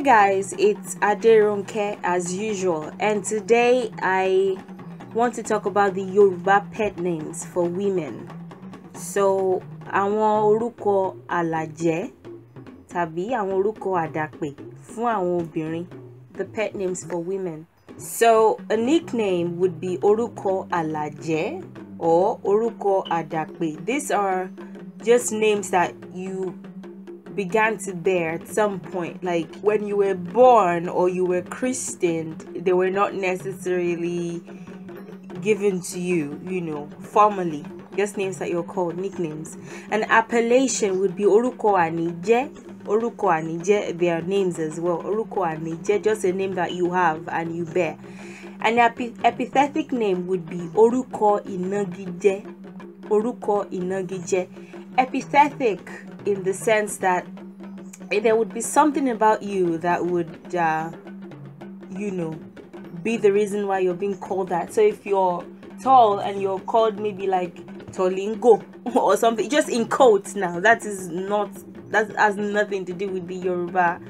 hey guys it's Aderonke as usual and today I want to talk about the Yoruba pet names for women so àwọn orúkọ alàjẹ́ tàbí àwọn orúkọ àdàpè fún àwọn obìnrin the pet names for women so a nickname would be orúkọ alàjẹ́ or orúkọ àdàpè these are just names that you began to bear at some point. Like when you were born or you were christened, they were not necessarily given to you, you know, formally. Just names that you're called, nicknames. An appellation would be Oruko Anije. Oruko Anije, their names as well. Oruko Anije, just a name that you have and you bear. An epi- epithetic name would be Oruko Inagije. Oruko Inagije. Epithetic in the sense that there would be something about you that would, uh, you know, be the reason why you're being called that. So if you're tall and you're called maybe like Tolingo or something, just in quotes now, that is not, that has nothing to do with the Yoruba,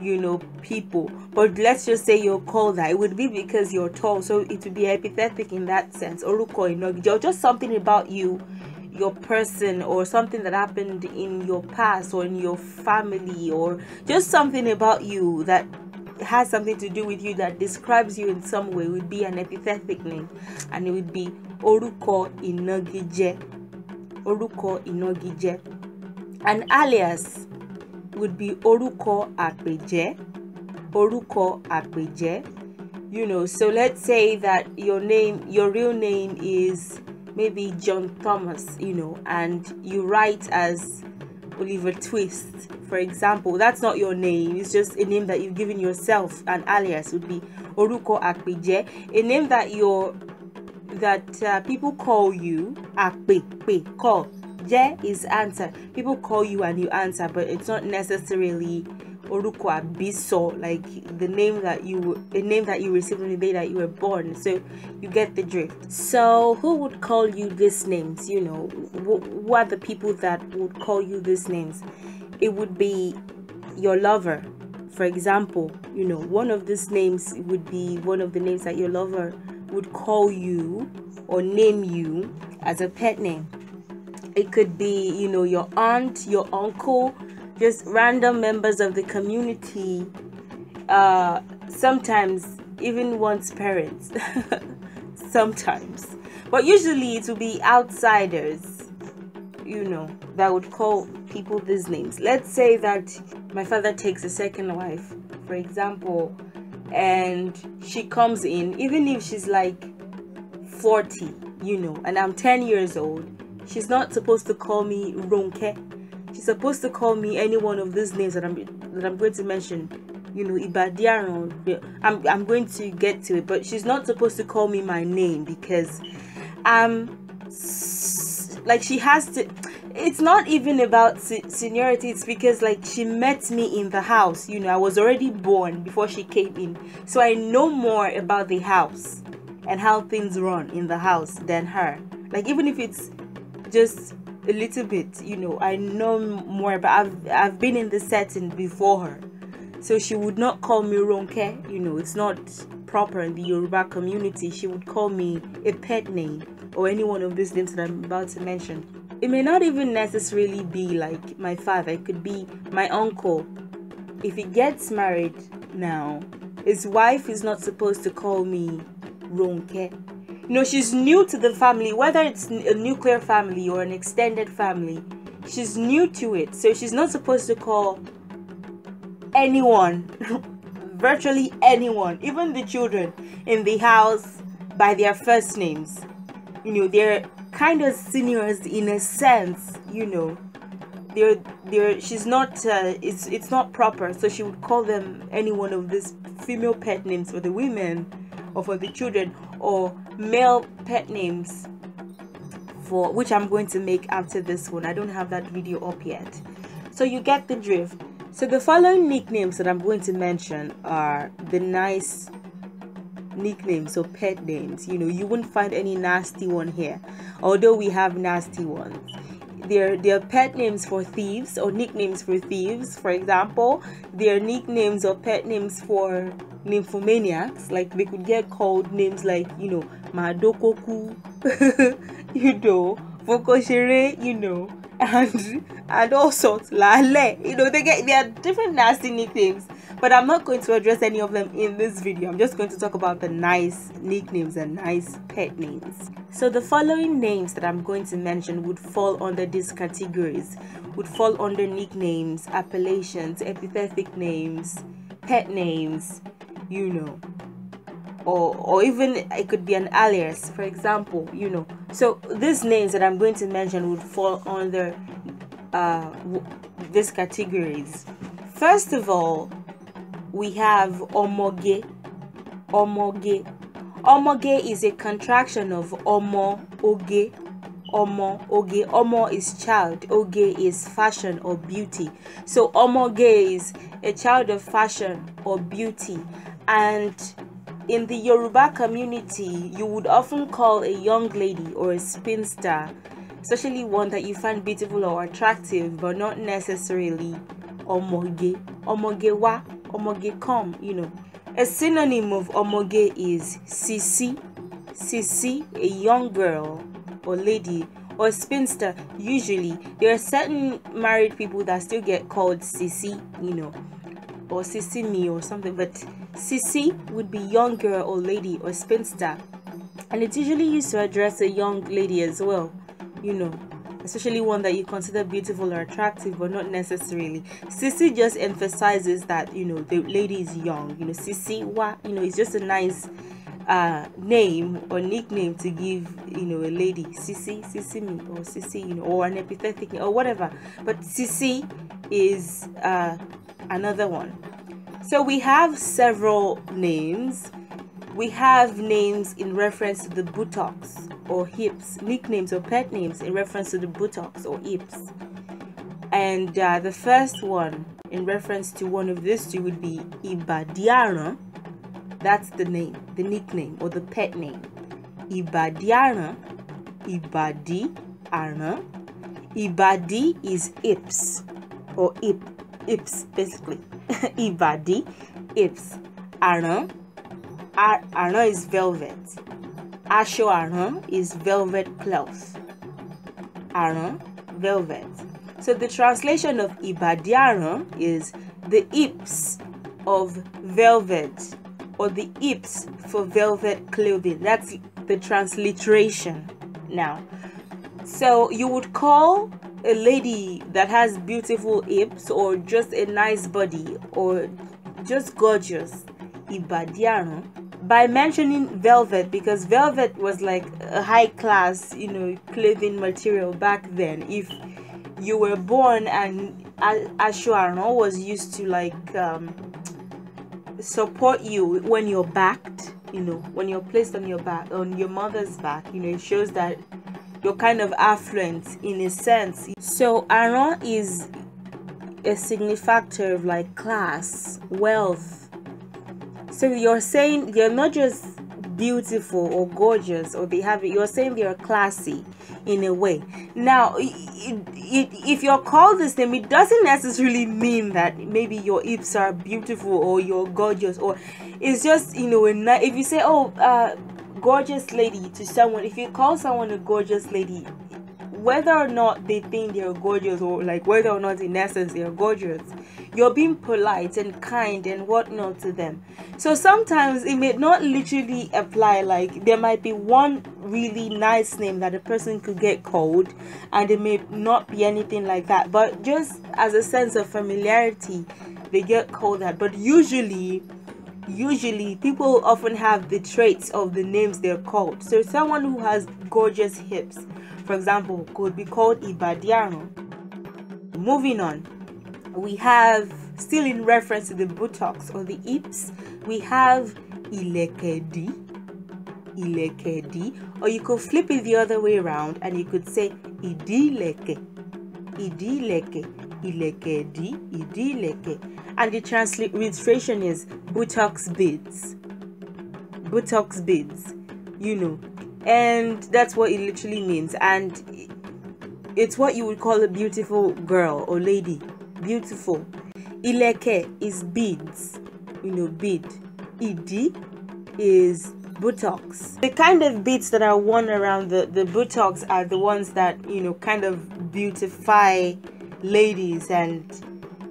you know, people. But let's just say you're called that. It would be because you're tall, so it would be epithetic in that sense. Oruko or just something about you your person or something that happened in your past or in your family or just something about you that has something to do with you that describes you in some way would be an epithetic name and it would be Oruko Inogije. Oruko Inogije. An alias would be Oruko Apeje. Oruko Apeje. You know, so let's say that your name, your real name is maybe John Thomas, you know, and you write as Oliver Twist, for example, that's not your name, it's just a name that you've given yourself. An alias would be Oruko Akpeje, a name that your that uh, people call you Akpepe, call yeah is answer people call you and you answer but it's not necessarily oruko abiso like the name that you the name that you received on the day that you were born so you get the drift so who would call you these names you know who are the people that would call you these names it would be your lover for example you know one of these names would be one of the names that your lover would call you or name you as a pet name it could be, you know, your aunt, your uncle, just random members of the community. Uh, sometimes even one's parents. sometimes. But usually it will be outsiders, you know, that would call people these names. Let's say that my father takes a second wife, for example, and she comes in, even if she's like 40, you know, and I'm 10 years old, She's not supposed to call me Ronke. She's supposed to call me any one of these names that I'm that I'm going to mention. You know, Ibadiaron. I'm I'm going to get to it, but she's not supposed to call me my name because um like she has to it's not even about se- seniority it's because like she met me in the house you know i was already born before she came in so i know more about the house and how things run in the house than her like even if it's just a little bit, you know. I know more, but I've I've been in the setting before her, so she would not call me Ronke. You know, it's not proper in the Yoruba community. She would call me a pet name or any one of these names that I'm about to mention. It may not even necessarily be like my father. It could be my uncle. If he gets married now, his wife is not supposed to call me Ronke you know she's new to the family whether it's a nuclear family or an extended family she's new to it so she's not supposed to call anyone virtually anyone even the children in the house by their first names you know they're kind of seniors in a sense you know they're they're she's not uh, it's it's not proper so she would call them any one of these female pet names for the women or for the children or male pet names for which I'm going to make after this one. I don't have that video up yet. So you get the drift. So the following nicknames that I'm going to mention are the nice nicknames or pet names. You know, you wouldn't find any nasty one here, although we have nasty ones. They're, they're pet names for thieves or nicknames for thieves, for example. They're nicknames or pet names for nymphomaniacs like they could get called names like you know madokoku you know fokoshere you know and and all sorts lale you know they get they are different nasty nicknames but i'm not going to address any of them in this video i'm just going to talk about the nice nicknames and nice pet names so the following names that i'm going to mention would fall under these categories would fall under nicknames appellations epithetic names pet names you know or or even it could be an alias for example you know so these names that i'm going to mention would fall under uh, these categories first of all we have omoge omoge omoge is a contraction of omo oge omo oge omo is child oge is fashion or beauty so omoge is a child of fashion or beauty and in the Yoruba community, you would often call a young lady or a spinster, especially one that you find beautiful or attractive, but not necessarily omoge, omoge wa, omoge kom, you know. A synonym of omoge is sisi, sisi, a young girl or lady or spinster. Usually, there are certain married people that still get called sisi, you know, or sisi me or something, but Sisi would be young girl or lady or spinster. And it's usually used to address a young lady as well, you know, especially one that you consider beautiful or attractive, but not necessarily. Sisi just emphasizes that, you know, the lady is young. You know, Sisi, wa, you know, it's just a nice uh, name or nickname to give, you know, a lady. Sisi, Sisi me, or Sisi, you know, or an epithetic, or whatever. But Sisi is uh, another one. So we have several names. We have names in reference to the buttocks or hips, nicknames or pet names in reference to the buttocks or hips. And uh, the first one in reference to one of these two would be Ibadiana. That's the name, the nickname or the pet name. Ibadiana, Ibadi, Arna. Ibadi is hips or hip, hips basically. Ibadi, Ips, Aran. Aran is velvet. Asho Aran is velvet cloth. Aran, velvet. So the translation of Ibadi Aran is the Ips of velvet or the Ips for velvet clothing. That's the transliteration now. So you would call a lady that has beautiful hips or just a nice body or just gorgeous Ibadiano by mentioning velvet because velvet was like a high class you know clothing material back then if you were born and ashuarno was used to like um, support you when you're backed you know when you're placed on your back on your mother's back you know it shows that you're kind of affluent in a sense. So Aaron is a signifier of like class, wealth. So you're saying you're not just beautiful or gorgeous or they have You're saying they're classy in a way. Now, it, it, if you're called this name, it doesn't necessarily mean that maybe your hips are beautiful or you're gorgeous or it's just, you know, if you say, oh, uh, gorgeous lady to someone if you call someone a gorgeous lady whether or not they think they're gorgeous or like whether or not in essence they're gorgeous you're being polite and kind and whatnot to them so sometimes it may not literally apply like there might be one really nice name that a person could get called and it may not be anything like that but just as a sense of familiarity they get called that but usually usually people often have the traits of the names they're called. So someone who has gorgeous hips, for example, could be called Ibadiano. Moving on, we have still in reference to the buttocks or the hips, we have Ilekedi. Ilekedi, or you could flip it the other way around and you could say Idileke. Idileke ileke di idi ileke and the transliteration is buttocks beads buttocks beads you know and that's what it literally means and it's what you would call a beautiful girl or lady beautiful ileke is beads you know bead idi is buttocks. The kind of beads that are worn around the, the buttocks are the ones that, you know, kind of beautify ladies and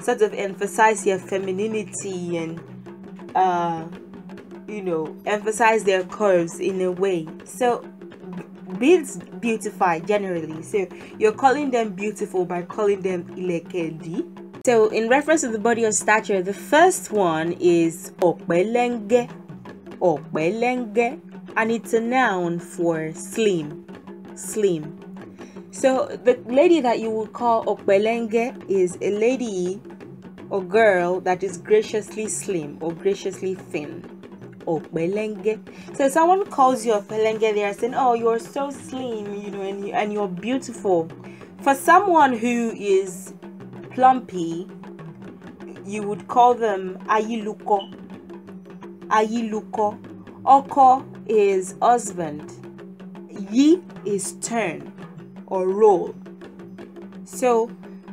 sort of emphasize their femininity and uh, you know emphasize their curves in a way so beads beautify generally so you're calling them beautiful by calling them ilekendi so in reference to the body and stature the first one is opelenge opelenge and it's a noun for slim slim so the lady that you would call Okwelenge is a lady or girl that is graciously slim or graciously thin. Okwelenge. So if someone calls you Okwelenge, they are saying, "Oh, you're so slim, you know, and you, and you're beautiful." For someone who is plumpy, you would call them Ayiluko. Ayiluko. Oko is husband. Yi is turn or roll. So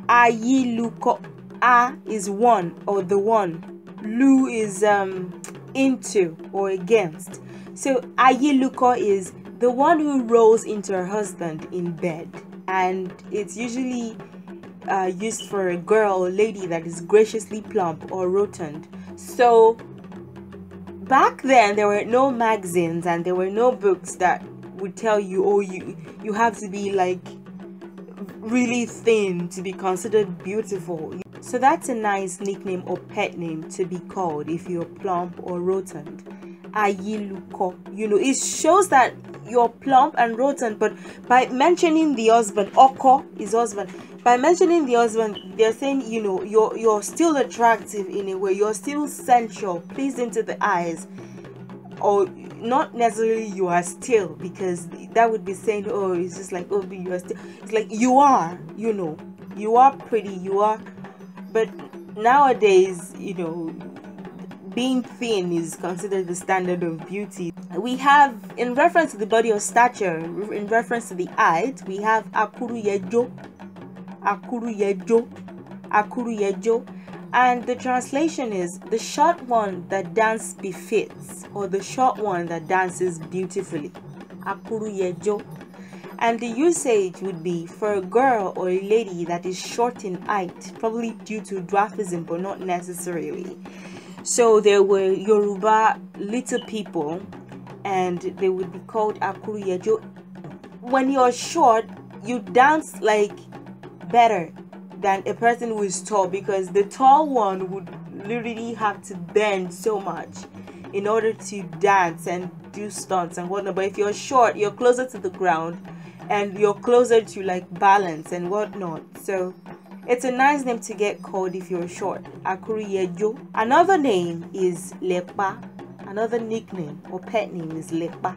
ayi luko a is one or the one. Lu is um, into or against. So ayi luko is the one who rolls into her husband in bed, and it's usually uh, used for a girl or lady that is graciously plump or rotund. So back then there were no magazines and there were no books that would tell you oh you you have to be like really thin to be considered beautiful so that's a nice nickname or pet name to be called if you're plump or rotund ayiluko you know it shows that you're plump and rotund but by mentioning the husband oko is husband by mentioning the husband they're saying you know you're you're still attractive in a way you're still sensual pleasing to the eyes or not necessarily you are still because that would be saying oh it's just like oh you are still it's like you are you know you are pretty you are but nowadays you know being thin is considered the standard of beauty we have in reference to the body or stature in reference to the height we have akuru yejo akuru yejo akuru yejo and the translation is the short one that dance befits or the short one that dances beautifully akuruyejo and the usage would be for a girl or a lady that is short in height probably due to dwarfism but not necessarily so there were yoruba little people and they would be called akuruyejo when you're short you dance like better than a person who is tall because the tall one would literally have to bend so much in order to dance and do stunts and whatnot. But if you're short, you're closer to the ground and you're closer to like balance and whatnot. So it's a nice name to get called if you're short. Akuriyejo. Another name is Lepa. Another nickname or pet name is Lepa.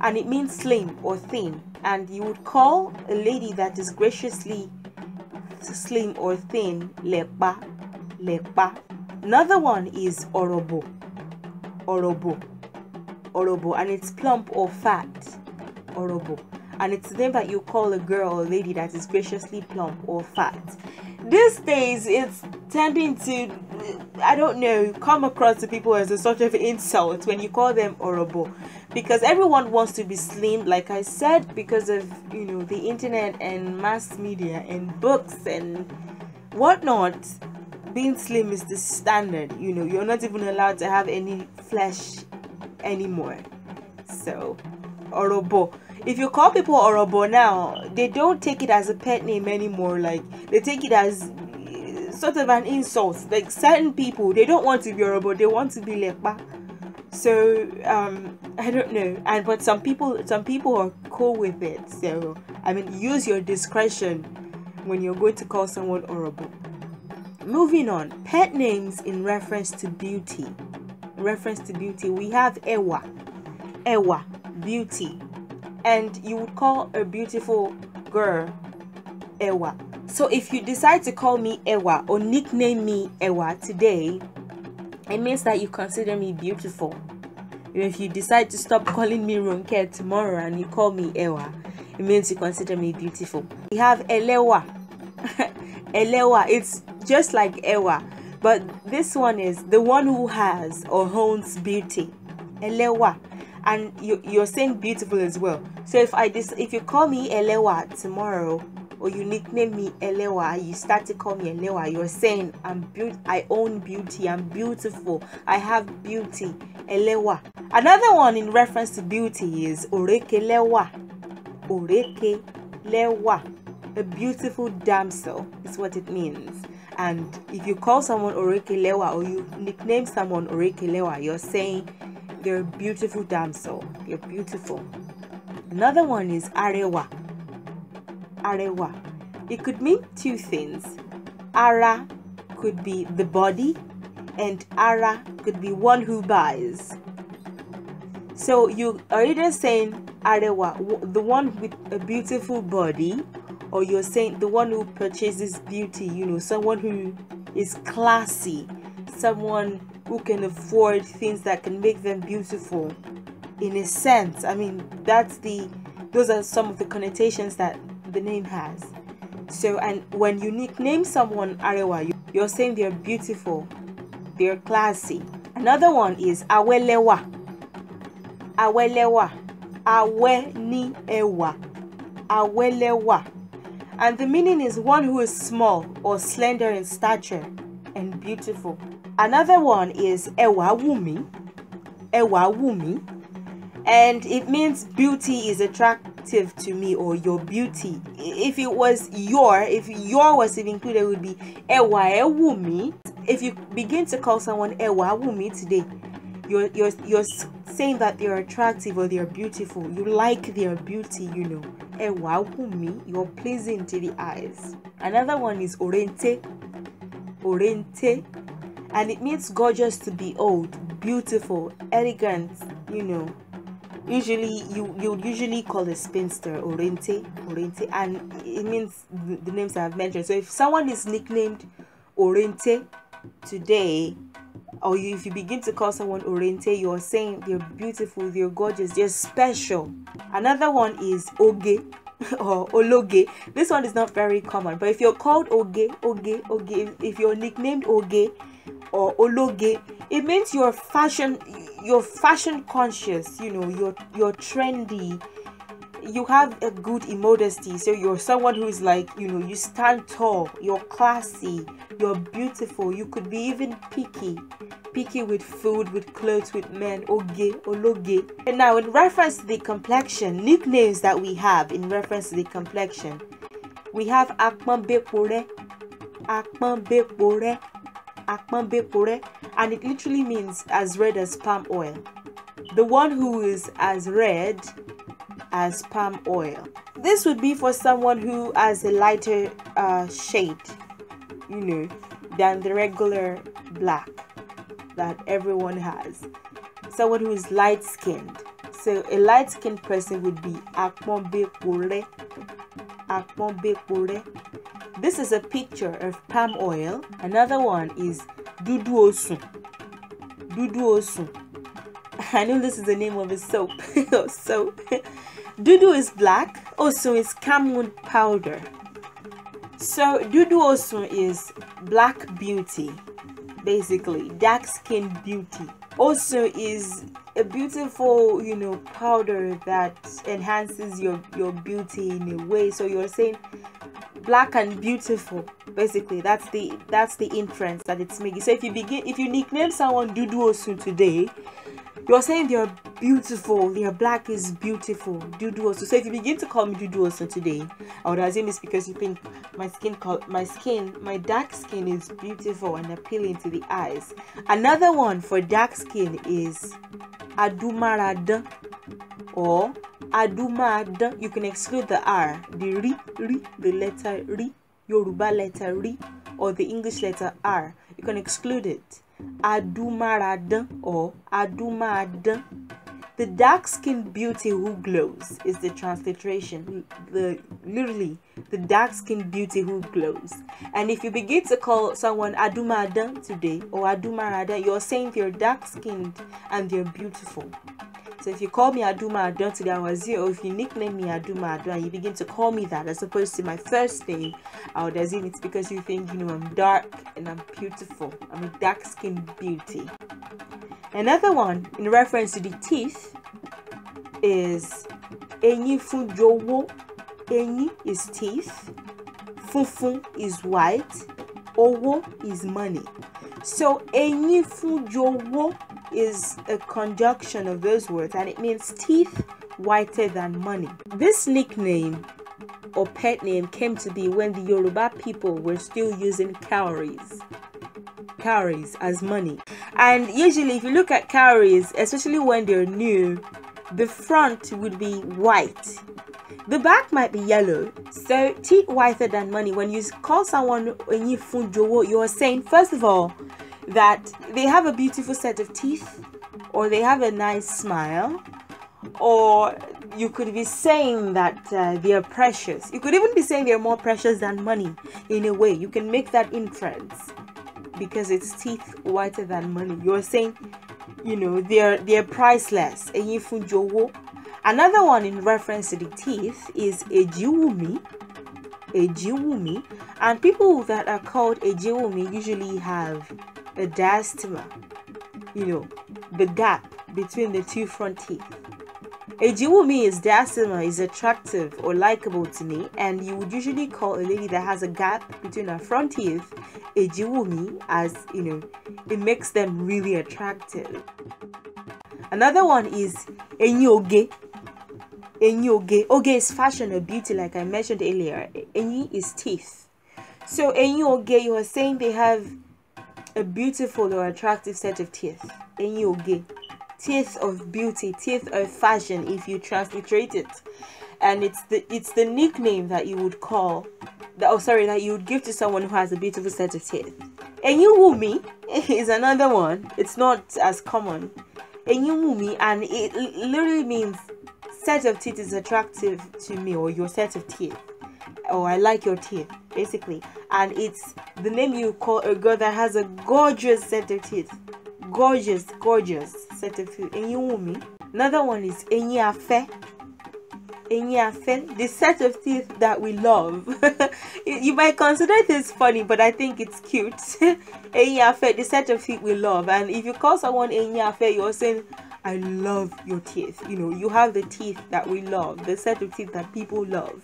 And it means slim or thin. And you would call a lady that is graciously slim or thin, lepa, lepa. Another one is orobo, orobo, orobo, and it's plump or fat, orobo. And it's the name that you call a girl or lady that is graciously plump or fat these days it's tending to i don't know come across to people as a sort of insult when you call them horrible because everyone wants to be slim like i said because of you know the internet and mass media and books and whatnot being slim is the standard you know you're not even allowed to have any flesh anymore so Orobo. If you call people Orobo now, they don't take it as a pet name anymore. Like they take it as eh, sort of an insult. Like certain people, they don't want to be Orobo, they want to be Lepa. So um, I don't know. And but some people, some people are cool with it. So I mean, use your discretion when you're going to call someone Orobo. Moving on, pet names in reference to beauty. In reference to beauty, we have Ewa. Ewa beauty and you would call a beautiful girl Ewa. So if you decide to call me Ewa or nickname me Ewa today, it means that you consider me beautiful. If you decide to stop calling me Ronke tomorrow and you call me Ewa, it means you consider me beautiful. We have Elewa. Elewa, it's just like Ewa, but this one is the one who has or owns beauty. Elewa and you, you're saying beautiful as well so if i dis if you call me elewa tomorrow or you nickname me Elewa, you start to call me Elewa, you're saying I'm beaut I own beauty, I'm beautiful, I have beauty. Elewa. Another one in reference to beauty is Orekelewa. Orekelewa. A beautiful damsel is what it means. And if you call someone Orekelewa or you nickname someone Orekelewa, you're saying you're a beautiful damsel. You're beautiful. Another one is arewa. Arewa. It could mean two things. Ara could be the body, and ara could be one who buys. So you are either saying arewa, the one with a beautiful body, or you're saying the one who purchases beauty, you know, someone who is classy, someone who can afford things that can make them beautiful in a sense i mean that's the those are some of the connotations that the name has so and when you nickname someone arewa you're saying they're beautiful they're classy another one is awelewa awelewa awe ni ewa awelewa and the meaning is one who is small or slender in stature and beautiful Another one is Ewa Wumi. Ewa Wumi. And it means beauty is attractive to me or your beauty. If it was your, if your was included, it would be Ewa Ewumi. If you begin to call someone Ewa Wumi today, you're, you're, you're saying that they're attractive or they're beautiful. You like their beauty, you know. Ewa Wumi, you're pleasing to the eyes. Another one is Orente. Orente and it means gorgeous to behold, beautiful, elegant, you know. Usually, you you usually call a spinster Orente, Orente, and it means the, the names I've mentioned. So if someone is nicknamed Orente today, or if you begin to call someone Orente, you're saying they're beautiful, they're gorgeous, they're special. Another one is Oge or Ologe. This one is not very common, but if you're called Oge, Oge, Oge, if you're nicknamed Oge, or ologe it means you're fashion you're fashion conscious you know you're you're trendy you have a good immodesty so you're someone who's like you know you stand tall you're classy you're beautiful you could be even picky picky with food with clothes with men oge ologe and now in reference to the complexion nicknames that we have in reference to the complexion we have akman bepore akman bepore Akman and it literally means as red as palm oil. The one who is as red as palm oil. This would be for someone who has a lighter uh, shade, you know, than the regular black that everyone has. Someone who is light skinned. So a light skinned person would be Akmon Bepore. Akmon Bepore this is a picture of palm oil. Another one is duduosu. Duduosu. I know this is the name of a soap. Oh, soap. Dudu is black. Also is camwood powder. So duduosu is black beauty, basically dark skin beauty. Also is a beautiful you know powder that enhances your your beauty in a way so you're saying black and beautiful basically that's the that's the inference that it's making so if you begin if you nickname someone duduosun today you're saying they're beautiful their black is beautiful duduosun so if you begin to call me duduosun today i would assume it's because you think my skin color my skin my dark skin is beautiful and appealing to the eyes another one for dark skin is adumarada or Adumad, you can exclude the R, the ri, the letter R, Yoruba letter R, or the English letter R. You can exclude it. Adumarad or Adumad. The dark skinned beauty who glows is the transliteration. The literally the dark skinned beauty who glows. And if you begin to call someone Adumada today or Adumarada, you're saying they're dark skinned and they're beautiful. So if you call me Aduma Adon today, I was Or if you nickname me Aduma Adon you begin to call me that as opposed to my first name, I it's because you think, you know, I'm dark and I'm beautiful. I'm a dark skinned beauty. Another one in reference to the teeth is Enyi Fujowo. Enyi is teeth. Funfun is white. Owo is money. So Enyi Fujowo is a conjunction of those words and it means teeth whiter than money. This nickname or pet name came to be when the Yoruba people were still using cowries cowries as money and usually if you look at cowries especially when they're new the front would be white the back might be yellow so teeth whiter than money when you call someone you're saying first of all that they have a beautiful set of teeth or they have a nice smile or you could be saying that uh, they are precious. You could even be saying they are more precious than money in a way. You can make that inference because it's teeth whiter than money. You're saying, you know, they're they're priceless. Another one in reference to the teeth is a Ejiwumi. And people that are called ejiwumi usually have the diastema, you know, the gap between the two front teeth. A Jiwumi diastema is attractive or likable to me, and you would usually call a lady that has a gap between her front teeth a Jiwumi, as you know, it makes them really attractive. Another one is Enyoge. Enyoge. Oge is fashion or beauty, like I mentioned earlier. Enyi is teeth. So Enyoge, you are saying they have a beautiful or attractive set of teeth. your oge. Teeth of beauty, teeth of fashion if you transliterate it. And it's the it's the nickname that you would call that oh sorry, that you would give to someone who has a beautiful set of teeth. Ẹ̀yin wumi is another one. It's not as common. Ẹ̀yin wumi and it literally means set of teeth is attractive to me or your set of teeth or oh, I like your teeth basically and it's the name you call a girl that has a gorgeous set of teeth gorgeous gorgeous set of teeth Any woman. another one is Any affair. the set of teeth that we love you might consider this funny but I think it's cute Enyiafe the set of teeth we love and if you call someone Enyiafe you're saying I love your teeth. You know, you have the teeth that we love, the set of teeth that people love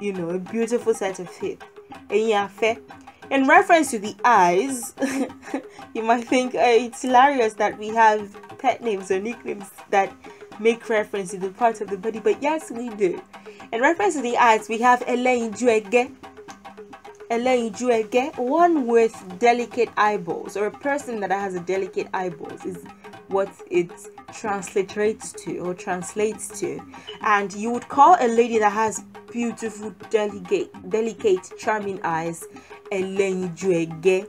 you know, a beautiful set of it. In reference to the eyes, you might think uh, it's hilarious that we have pet names or nicknames that make reference to the parts of the body, but yes, we do. In reference to the eyes, we have Elaine Juege. Elaine Juege, one with delicate eyeballs, or a person that has a delicate eyeballs, is what it's transliterates to or translates to and you would call a lady that has beautiful delicate delicate charming eyes ẹlẹ́yinjú ẹ̀gẹ́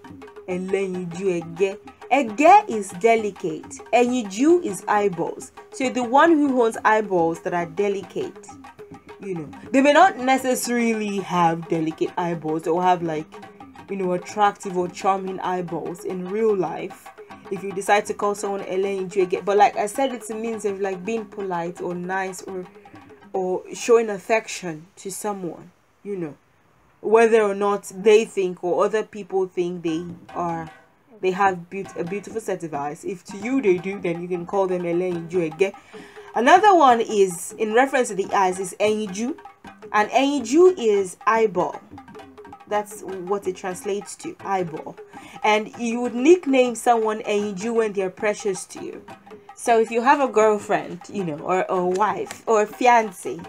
ẹlẹ́yinjú ẹ̀gẹ́ ẹ̀gẹ́ is delicate ẹ̀yinjú is eyeballs so the one who owns eyeballs that are delicate you know they may not necessarily have delicate eyeballs or have like you know attractive or charming eyeballs in real life if you decide to call someone Ellen again. But like I said, it's a means of like being polite or nice or or showing affection to someone, you know. Whether or not they think or other people think they are they have a beautiful set of eyes. If to you they do, then you can call them Ellen again. Another one is in reference to the eyes is Enju. And Enju is eyeball. That's what it translates to, eyeball. And you would nickname someone Enju when they're precious to you. So if you have a girlfriend, you know, or, a wife, or a fiance,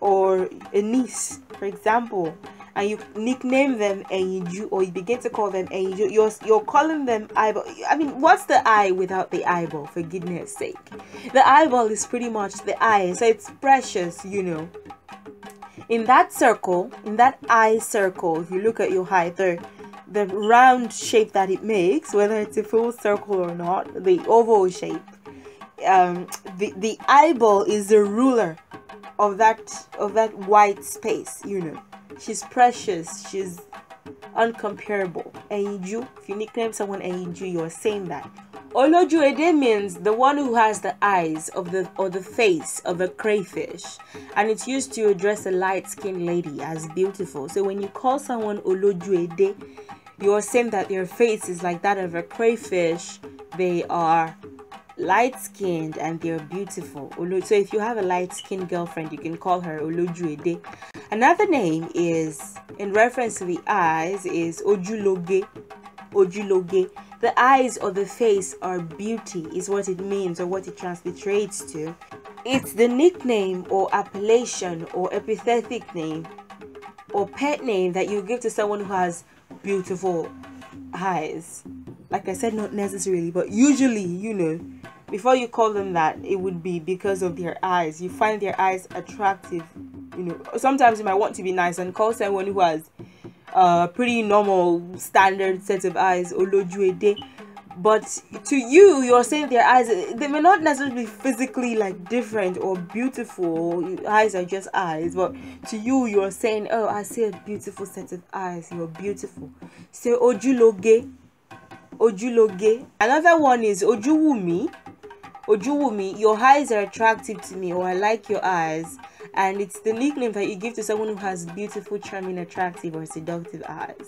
or a niece, for example, and you nickname them Enju or you begin to call them Enju, you're, you're calling them eyeball. I mean, what's the eye without the eyeball, for goodness sake? The eyeball is pretty much the eye, so it's precious, you know in that circle in that eye circle if you look at your height the the round shape that it makes whether it's a full circle or not the oval shape um, the the eyeball is the ruler of that of that white space you know she's precious she's uncomparable. Enju, If you nickname someone Enju, you are saying that. Olojuede means the one who has the eyes of the or the face of a crayfish, and it's used to address a light-skinned lady as beautiful. So when you call someone Olojuede, you are saying that their face is like that of a crayfish. They are light skinned and they're beautiful. So if you have a light skinned girlfriend, you can call her Olojuede. Another name is, in reference to the eyes, is Ojuloge. Ojuloge. The eyes or the face are beauty, is what it means or what it transliterates to. It's the nickname or appellation or epithetic name or pet name that you give to someone who has beautiful eyes. Like I said, not necessarily, but usually, you know, before you call them mm. that it would be because of their eyes you find their eyes attractive you know sometimes you might want to be nice and call someone who has a uh, pretty normal standard set of eyes but to you you're saying their eyes they may not necessarily be physically like different or beautiful eyes are just eyes but to you you're saying oh i see a beautiful set of eyes you're beautiful so ojuloge ojuloge another one is ojuwumi Ojuwumi, your eyes are attractive to me, or I like your eyes. And it's the nickname that you give to someone who has beautiful, charming, attractive, or seductive eyes.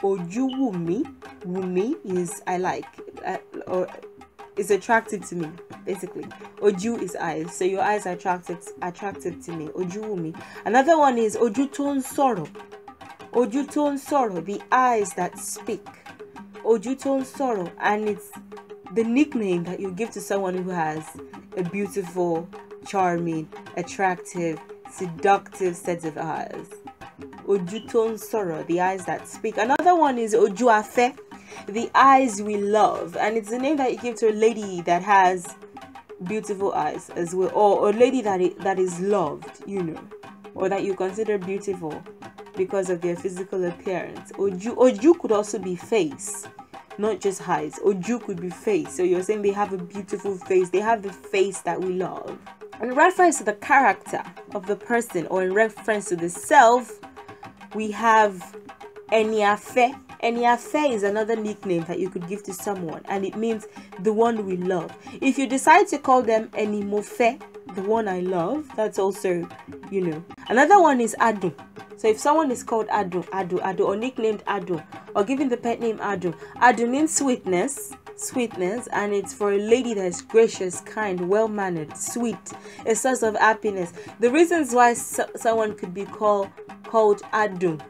Ojuwumi, wumi is I like, uh, or is attractive to me, basically. Oju is eyes, so your eyes are attractive, attractive to me. Ojuwumi. Another one is Ojuton Soro. Ojuton Soro, the eyes that speak. Ojuton Soro, and it's the nickname that you give to someone who has a beautiful, charming, attractive, seductive set of eyes. Ojuton Soro, the eyes that speak. Another one is Ojuafe, the eyes we love. And it's the name that you give to a lady that has beautiful eyes as well, or a lady that is, that is loved, you know, or that you consider beautiful because of their physical appearance. Oju, Oju could also be face not just height. Oju could be face. So you're saying they have a beautiful face. They have the face that we love. In reference to the character of the person or in reference to the self, we have Eniafe. Eniafe is another nickname that you could give to someone and it means the one we love. If you decide to call them Enimofe, the one I love, that's also, you know. Another one is Adu. So if someone is called Adu, Adu, Adu or nicknamed Adu, or giving the pet name Adu. Adu means sweetness sweetness and it's for a lady that's gracious kind well-mannered sweet a source of happiness the reasons why so someone could be called called adu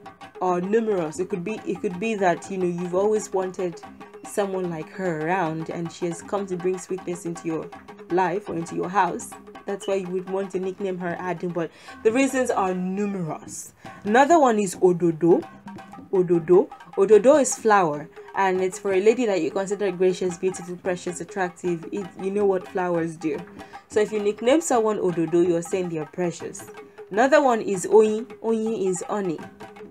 are numerous it could be it could be that you know you've always wanted someone like her around and she has come to bring sweetness into your life or into your house that's why you would want to nickname her adu but the reasons are numerous another one is ododo ododo. Ododo is flower and it's for a lady that you consider gracious, beautiful, precious, attractive. It, you know what flowers do. So if you nickname someone ododo, you're saying they're precious. Another one is Oyi, Oyi is oni.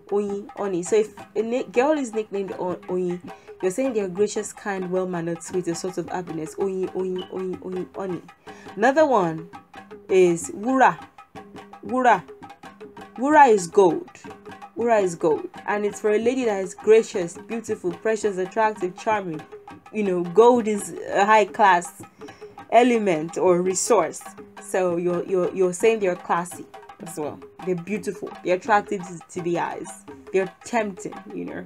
Oyi oni. So if a girl is nicknamed Oyi, you're saying they're gracious, kind, well-mannered, sweet, a sort of happiness. Oyi Oyi Oyi Oyi oni. Another one is wura. Wura. Wura is gold. Ura is gold, and it's for a lady that is gracious, beautiful, precious, attractive, charming. You know, gold is a high class element or resource. So you're you're you're saying they're classy as well. They're beautiful. They're attractive to, to the eyes. They're tempting. You know.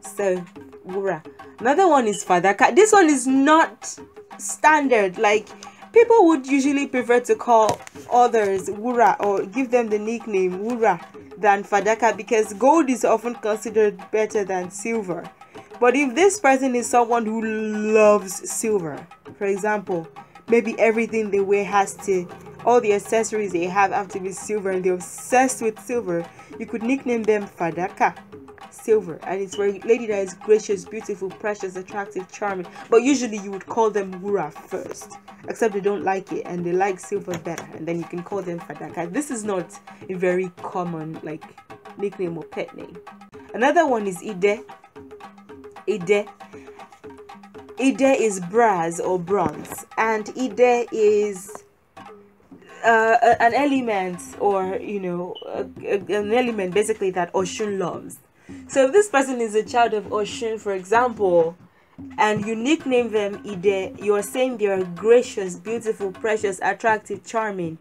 So Ura. Another one is Father. This one is not standard. Like people would usually prefer to call others Wura or give them the nickname Wura than Fadaka because gold is often considered better than silver. But if this person is someone who loves silver, for example, maybe everything they wear has to, all the accessories they have have to be silver and they're obsessed with silver, you could nickname them Fadaka silver and it's very lady that is gracious, beautiful, precious, attractive, charming. But usually you would call them wura first, except they don't like it and they like silver better, and then you can call them fadaka. This is not a very common like nickname or pet name. Another one is ide. Ide. Ide is brass or bronze, and ide is uh, an element or you know an element basically that Oshun loves so if this person is a child of Oshun, for example, and you nickname them Ide, you are saying they are gracious, beautiful, precious, attractive, charming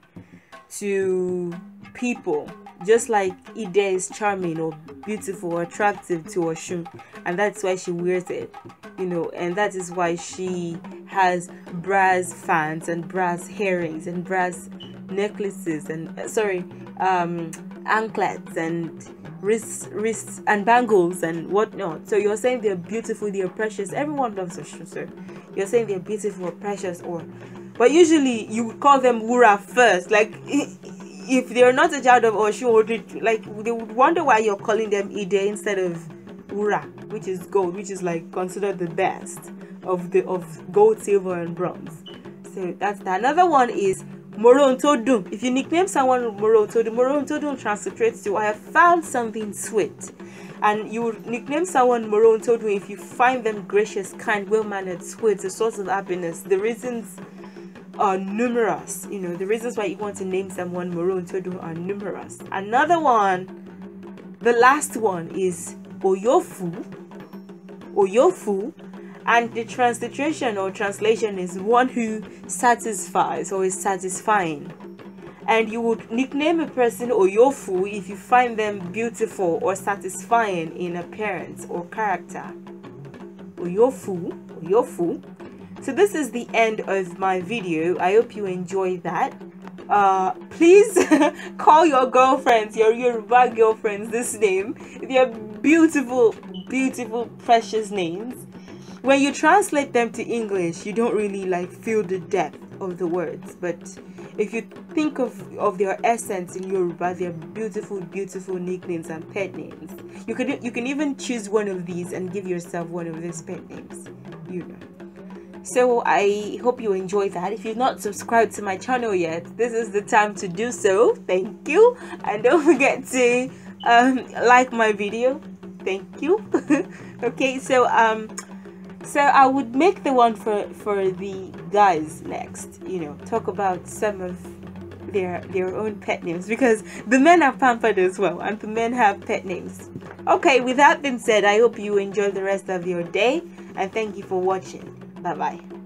to people. Just like Ide is charming or beautiful or attractive to Oshun, and that's why she wears it, you know, and that is why she has brass fans and brass earrings and brass necklaces and uh, sorry, um, anklets and wrists, wrists and bangles and whatnot. So you're saying they're beautiful, they're precious. Everyone loves a shuser. You're saying they're beautiful or precious or, but usually you would call them wura first. Like if they're not a child of Oshun, like they would wonder why you're calling them Ide instead of wura, which is gold, which is like considered the best of the of gold, silver, and bronze. So that's that. Another one is do. If you nickname someone Morontodun, Morontodun transliterates to I have found something sweet. And you nickname someone Morontodun if you find them gracious, kind, well-mannered, sweet, a source of happiness. The reasons are numerous. You know, the reasons why you want to name someone Morontodun are numerous. Another one, the last one is Oyofu. Oyofu and the transliteration or translation is one who satisfies or is satisfying and you would nickname a person Oyofu if you find them beautiful or satisfying in appearance or character. Oyofu, Oyofu. So this is the end of my video. I hope you enjoyed that. Uh, please call your girlfriends, your Yoruba girlfriends this name. They're beautiful, beautiful, precious names when you translate them to English, you don't really like feel the depth of the words. But if you think of, of their essence in Yoruba, their beautiful, beautiful nicknames and pet names. You can you can even choose one of these and give yourself one of these pet names. You know. So I hope you enjoy that. If you're not subscribed to my channel yet, this is the time to do so. Thank you, and don't forget to um, like my video. Thank you. okay, so um. So I would make the one for for the guys next. You know, talk about some of their their own pet names because the men are pampered as well, and the men have pet names. Okay, with that being said, I hope you enjoy the rest of your day, and thank you for watching. Bye bye.